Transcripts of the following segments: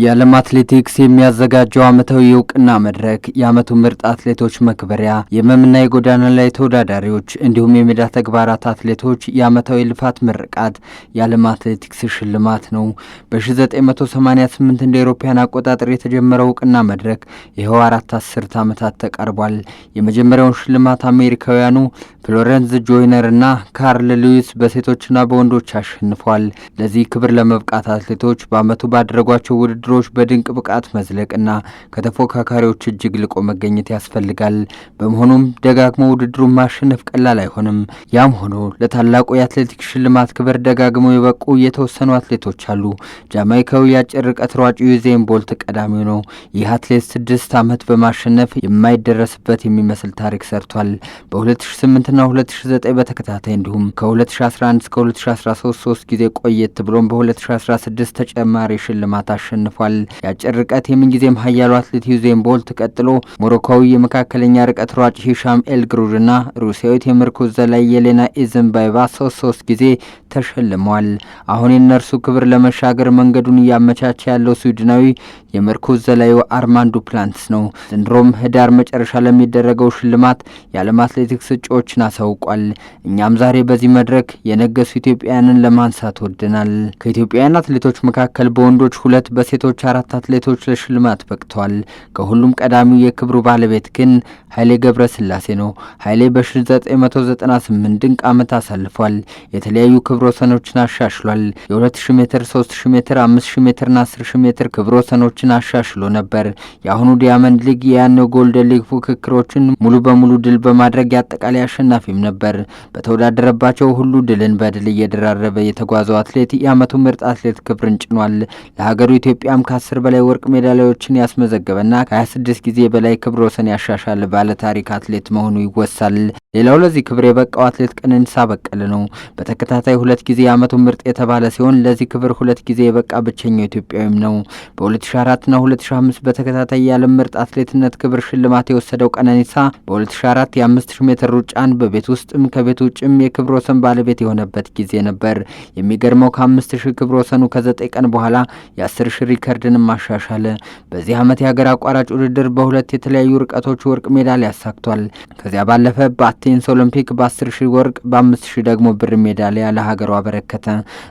የዓለም አትሌቲክስ የሚያዘጋጀው ዓመታዊ የእውቅና መድረክ የዓመቱ ምርጥ አትሌቶች መክበሪያ፣ የህመምና የጎዳና ላይ ተወዳዳሪዎች እንዲሁም የሜዳ ተግባራት አትሌቶች የዓመታዊ ልፋት ምርቃት የዓለም አትሌቲክስ ሽልማት ነው። በ1988 እንደ አውሮፓውያን አቆጣጠር የተጀመረው እውቅና መድረክ ይኸው አራት አስርት ዓመታት ተቃርቧል። የመጀመሪያውን ሽልማት አሜሪካውያኑ ፍሎረንስ ጆይነር እና ካርል ሉዊስ በሴቶችና በወንዶች አሸንፏል። ለዚህ ክብር ለመብቃት አትሌቶች በዓመቱ ባደረጓቸው ውድ ውድድሮች በድንቅ ብቃት መዝለቅና ከተፎካካሪዎች እጅግ ልቆ መገኘት ያስፈልጋል። በመሆኑም ደጋግሞ ውድድሩን ማሸነፍ ቀላል አይሆንም። ያም ሆኖ ለታላቁ የአትሌቲክስ ሽልማት ክብር ደጋግመው የበቁ የተወሰኑ አትሌቶች አሉ። ጃማይካዊ የአጭር ርቀት ሯጭ ዩዜን ቦልት ቀዳሚው ነው። ይህ አትሌት ስድስት ዓመት በማሸነፍ የማይደረስበት የሚመስል ታሪክ ሰርቷል። በ2008ና 2009 በተከታታይ እንዲሁም ከ2011 እስከ 2013 ሶስት ጊዜ ቆየት ብሎም በ2016 ተጨማሪ ሽልማት አሸነፈ። አሸንፏል። የአጭር ርቀት የምንጊዜም ኃያሉ አትሌት ዩዜን ቦልት ቀጥሎ ሞሮኮዊ የመካከለኛ ርቀት ሯጭ ሂሻም ኤልግሩድ እና ሩሲያዊት የምርኩዝ ዘላይ የሌና ኢዘንባይቫ ሶስት ሶስት ጊዜ ተሸልመዋል። አሁን የእነርሱ ክብር ለመሻገር መንገዱን እያመቻቸ ያለው ስዊድናዊ የምርኩዝ ዘላዩ አርማንዱ ፕላንትስ ነው። ዘንድሮም ህዳር መጨረሻ ለሚደረገው ሽልማት የዓለም አትሌቲክስ እጩዎችን አሳውቋል። እኛም ዛሬ በዚህ መድረክ የነገሱ ኢትዮጵያውያንን ለማንሳት ወደናል። ከኢትዮጵያውያን አትሌቶች መካከል በወንዶች ሁለት በሴ ሴቶች አራት አትሌቶች ለሽልማት በቅተዋል። ከሁሉም ቀዳሚው የክብሩ ባለቤት ግን ኃይሌ ገብረ ስላሴ ነው። ኃይሌ በ1998 ድንቅ ዓመት አሳልፏል። የተለያዩ ክብረ ወሰኖችን አሻሽሏል። የ2000 ሜትር፣ 3000 ሜትር፣ 5000 ሜትርና 10000 ሜትር ክብረ ወሰኖችን አሻሽሎ ነበር። የአሁኑ ዲያመንድ ሊግ የያኔው ጎልደን ሊግ ፉክክሮችን ሙሉ በሙሉ ድል በማድረግ የአጠቃላይ አሸናፊም ነበር። በተወዳደረባቸው ሁሉ ድልን በድል እየደራረበ የተጓዘው አትሌት የዓመቱ ምርጥ አትሌት ክብርን ጭኗል። ለሀገሩ ኢትዮጵያ ኢትዮጵያም ከ10 በላይ ወርቅ ሜዳሊያዎችን ያስመዘገበና ከ26 ጊዜ በላይ ክብረ ወሰን ባለ ባለታሪክ አትሌት መሆኑ ይወሳል። ሌላው ለዚህ ክብር የበቃው አትሌት ቀነኒሳ በቀለ ነው። በተከታታይ ሁለት ጊዜ የዓመቱ ምርጥ የተባለ ሲሆን ለዚህ ክብር ሁለት ጊዜ የበቃ ብቸኛው ኢትዮጵያዊም ነው። በ2004ና 2005 በተከታታይ የዓለም ምርጥ አትሌትነት ክብር ሽልማት የወሰደው ቀነኒሳ በ2004 የ5000 ሜትር ሩጫን በቤት ውስጥም ከቤት ውጭም የክብረ ወሰን ባለቤት የሆነበት ጊዜ ነበር። የሚገርመው ከ5000 ክብረ ወሰኑ ከ9 ቀን በኋላ የ10000 ሪከርድንም ማሻሻለ በዚህ ዓመት የሀገር አቋራጭ ውድድር በሁለት የተለያዩ ርቀቶች ወርቅ ሜዳሊያ አሳክቷል። ከዚያ ባለፈ በአቴንስ ኦሎምፒክ በ10 ሺህ ወርቅ፣ በአምስት ሺህ ደግሞ ብር ሜዳሊያ ለሀገሩ አበረከተ።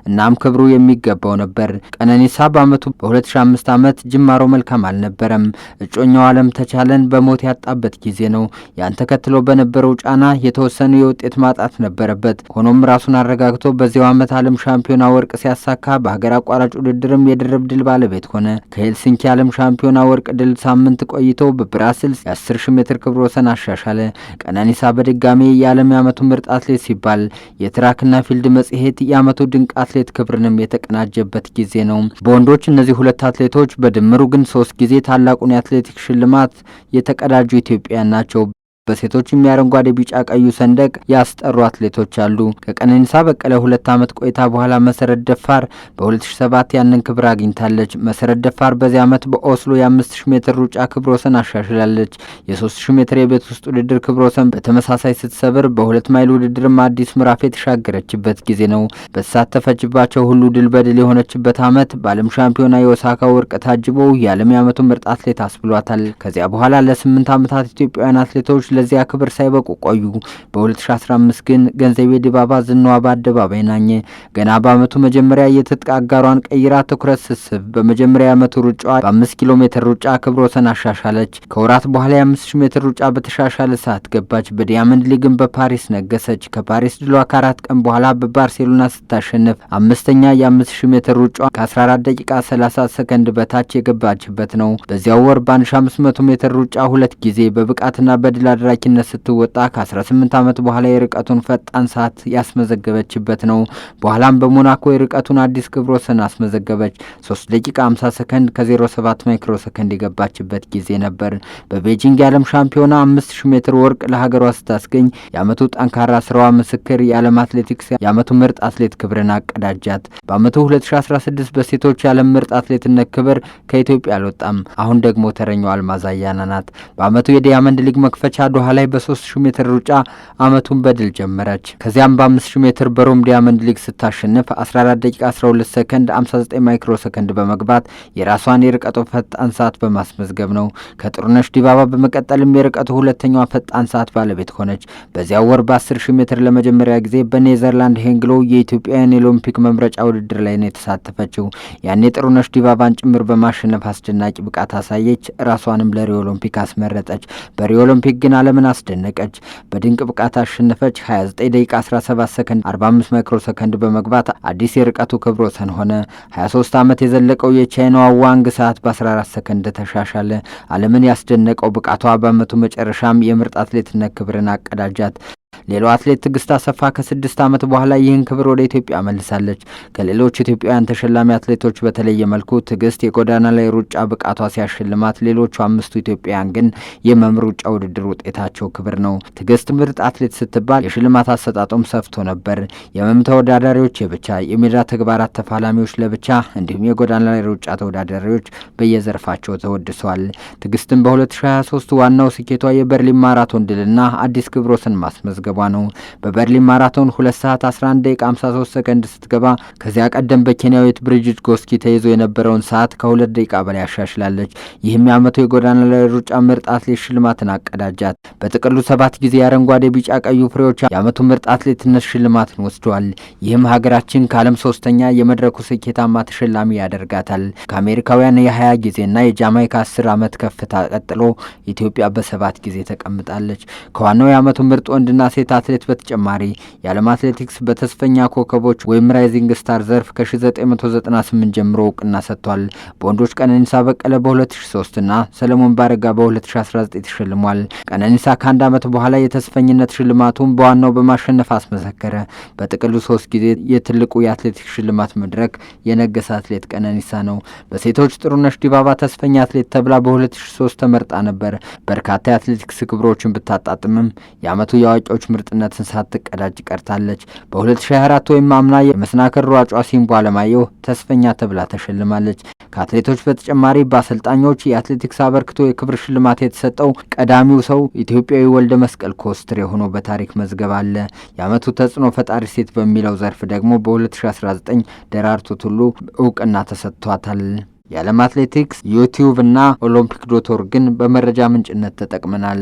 እናም ክብሩ የሚገባው ነበር። ቀነኒሳ በአመቱ በ2005 ዓመት ጅማሮ መልካም አልነበረም። እጮኛው አለም ተቻለን በሞት ያጣበት ጊዜ ነው። ያን ተከትሎ በነበረው ጫና የተወሰነ የውጤት ማጣት ነበረበት። ሆኖም ራሱን አረጋግቶ በዚያው ዓመት አለም ሻምፒዮና ወርቅ ሲያሳካ በሀገር አቋራጭ ውድድርም የድርብ ድል ባለቤት ባለቤት ሆነ። ከሄልሲንኪ ዓለም ሻምፒዮና ወርቅ ድል ሳምንት ቆይቶ በብራስልስ የ10 ሺህ ሜትር ክብረ ወሰን አሻሻለ። ቀነኒሳ በድጋሚ የዓለም የዓመቱ ምርጥ አትሌት ሲባል የትራክና ፊልድ መጽሔት የዓመቱ ድንቅ አትሌት ክብርንም የተቀናጀበት ጊዜ ነው። በወንዶች እነዚህ ሁለት አትሌቶች በድምሩ ግን ሶስት ጊዜ ታላቁን የአትሌቲክ ሽልማት የተቀዳጁ ኢትዮጵያውያን ናቸው። በሴቶችም የአረንጓዴ ቢጫ ቀዩ ሰንደቅ ያስጠሩ አትሌቶች አሉ። ከቀነኒሳ በቀለ ሁለት ዓመት ቆይታ በኋላ መሰረት ደፋር በ2007 ያንን ክብር አግኝታለች። መሰረት ደፋር በዚህ ዓመት በኦስሎ የ5000 ሜትር ሩጫ ክብረ ወሰን አሻሽላለች። የ3000 ሜትር የቤት ውስጥ ውድድር ክብረ ወሰን በተመሳሳይ ስትሰብር፣ በሁለት ማይል ውድድርም አዲስ ምዕራፍ የተሻገረችበት ጊዜ ነው። በተሳተፈችባቸው ሁሉ ድል በድል የሆነችበት ዓመት በዓለም ሻምፒዮና የኦሳካ ወርቅ ታጅቦ የዓለም የዓመቱ ምርጥ አትሌት አስብሏታል። ከዚያ በኋላ ለስምንት ዓመታት ኢትዮጵያውያን አትሌቶች ለዚያ ክብር ሳይበቁ ቆዩ። በ2015 ግን ገንዘቤ ዲባባ ዝናዋ በአደባባይ ናኘ። ገና በአመቱ መጀመሪያ የትጥቅ አጋሯን ቀይራ ትኩረት ስስብ በመጀመሪያ ሩጫ ሩጫዋ 5 ኪሎ ሜትር ሩጫ ክብረ ወሰን አሻሻለች። ከወራት በኋላ የ 5000 ሜትር ሩጫ በተሻሻለ ሰዓት ገባች። በዲያመንድ ሊግን በፓሪስ ነገሰች። ከፓሪስ ድሏ ከአራት ቀን በኋላ በባርሴሎና ስታሸንፍ አምስተኛ የ 5000 ሜትር ሩጫ ከ14 ደቂቃ 30 ሰከንድ በታች የገባችበት ነው። በዚያው ወር በ1500 ሜትር ሩጫ ሁለት ጊዜ በብቃትና በድል በተደራኪነት ስትወጣ ከ18 ዓመት በኋላ የርቀቱን ፈጣን ሰዓት ያስመዘገበችበት ነው። በኋላም በሞናኮ የርቀቱን አዲስ ክብረ ወሰን አስመዘገበች። 3 ደቂቃ 50 ሰከንድ ከ07 ማይክሮ ሰከንድ የገባችበት ጊዜ ነበር። በቤጂንግ የዓለም ሻምፒዮና 5000 ሜትር ወርቅ ለሀገሯ ስታስገኝ የዓመቱ ጠንካራ ስራዋ ምስክር የዓለም አትሌቲክስ የአመቱ ምርጥ አትሌት ክብርን አቀዳጃት። በአመቱ 2016 በሴቶች የዓለም ምርጥ አትሌትነት ክብር ከኢትዮጵያ አልወጣም። አሁን ደግሞ ተረኛዋ አልማዝ አያና ናት። በአመቱ የዲያመንድ ሊግ መክፈቻ ዶሃ ላይ በሶስት ሺ ሜትር ሩጫ አመቱን በድል ጀመረች። ከዚያም በአምስት ሺ ሜትር በሮም ዲያመንድ ሊግ ስታሸንፍ 14 ደቂቃ 12 ሰከንድ 59 ማይክሮ ሰከንድ በመግባት የራሷን የርቀቱ ፈጣን ሰዓት በማስመዝገብ ነው። ከጥሩነሽ ዲባባ በመቀጠልም የርቀቱ ሁለተኛዋ ፈጣን ሰዓት ባለቤት ሆነች። በዚያው ወር በ10 ሺ ሜትር ለመጀመሪያ ጊዜ በኔዘርላንድ ሄንግሎ የኢትዮጵያውያን የኦሎምፒክ መምረጫ ውድድር ላይ ነው የተሳተፈችው። ያኔ ጥሩነሽ ዲባባን ጭምር በማሸነፍ አስደናቂ ብቃት አሳየች። ራሷንም ለሪዮ ኦሎምፒክ አስመረጠች። በሪዮ ኦሎምፒክ ግን ዓለምን አስደነቀች። በድንቅ ብቃት አሸነፈች። 29 ደቂቃ 17 ሰከንድ 45 ማይክሮ ሰከንድ በመግባት አዲስ የርቀቱ ክብረ ወሰን ሆነ። 23 ዓመት የዘለቀው የቻይናዋ ዋንግ ሰዓት በ14 ሰከንድ ተሻሻለ። ዓለምን ያስደነቀው ብቃቷ በአመቱ መጨረሻም የምርጥ አትሌትነት ክብርን አቀዳጃት። ሌላው አትሌት ትዕግስት አሰፋ ከስድስት ዓመት በኋላ ይህን ክብር ወደ ኢትዮጵያ መልሳለች። ከሌሎች ኢትዮጵያውያን ተሸላሚ አትሌቶች በተለየ መልኩ ትዕግስት የጎዳና ላይ ሩጫ ብቃቷ ሲያሸልማት፣ ሌሎቹ አምስቱ ኢትዮጵያውያን ግን የመም ሩጫ ውድድር ውጤታቸው ክብር ነው። ትዕግስት ምርጥ አትሌት ስትባል የሽልማት አሰጣጡም ሰፍቶ ነበር። የመም ተወዳዳሪዎች የብቻ፣ የሜዳ ተግባራት ተፋላሚዎች ለብቻ እንዲሁም የጎዳና ላይ ሩጫ ተወዳዳሪዎች በየዘርፋቸው ተወድሰዋል። ትዕግስትን በ2023 ዋናው ስኬቷ የበርሊን ማራቶን ድልና አዲስ ክብሮስን ማስመዝገብ መመዝገቧ ነው። በበርሊን ማራቶን 2 ሰዓት 11 ደቂቃ 53 ሰከንድ ስትገባ ከዚያ ቀደም በኬንያዊት ብሪጅት ጎስኪ ተይዞ የነበረውን ሰዓት ከሁለት ደቂቃ በላይ አሻሽላለች። ይህም የአመቱ የጎዳና ላይ ሩጫ ምርጥ አትሌት ሽልማትን አቀዳጃት። በጥቅሉ ሰባት ጊዜ የአረንጓዴ ቢጫ ቀዩ ፍሬዎች የዓመቱ ምርጥ አትሌትነት ሽልማትን ወስደዋል። ይህም ሀገራችን ከዓለም ሶስተኛ የመድረኩ ስኬታማ ተሸላሚ ያደርጋታል። ከአሜሪካውያን የ20 ጊዜና የጃማይካ 10 ዓመት ከፍታ ቀጥሎ ኢትዮጵያ በሰባት ጊዜ ተቀምጣለች። ከዋናው የአመቱ ምርጥ ወንድና ሴት አትሌት በተጨማሪ የዓለም አትሌቲክስ በተስፈኛ ኮከቦች ወይም ራይዚንግ ስታር ዘርፍ ከ1998 ጀምሮ እውቅና ሰጥቷል። በወንዶች ቀነኒሳ በቀለ በ2003 እና ሰለሞን ባረጋ በ2019 ተሸልሟል። ቀነኒሳ ከአንድ ዓመት በኋላ የተስፈኝነት ሽልማቱን በዋናው በማሸነፍ አስመሰከረ። በጥቅሉ ሶስት ጊዜ የትልቁ የአትሌቲክስ ሽልማት መድረክ የነገሰ አትሌት ቀነኒሳ ነው። በሴቶች ጥሩነሽ ዲባባ ተስፈኛ አትሌት ተብላ በ2003 ተመርጣ ነበር። በርካታ የአትሌቲክስ ክብሮችን ብታጣጥምም የአመቱ የአዋቂዎች ምርጥነትን ሳትቀዳጅ ቀርታለች። በ2024 ወይም አምና የመሰናክል ሯጯ ሲምቦ አለማየሁ ተስፈኛ ተብላ ተሸልማለች። ከአትሌቶች በተጨማሪ በአሰልጣኞች የአትሌቲክስ አበርክቶ የክብር ሽልማት የተሰጠው ቀዳሚው ሰው ኢትዮጵያዊ ወልደ መስቀል ኮስትሬ ሆኖ በታሪክ መዝገብ አለ። የአመቱ ተጽዕኖ ፈጣሪ ሴት በሚለው ዘርፍ ደግሞ በ2019 ደራርቱ ቱሉ እውቅና ተሰጥቷታል። የዓለም አትሌቲክስ ዩቲዩብ እና ኦሎምፒክ ዶት ግን በመረጃ ምንጭነት ተጠቅመናል።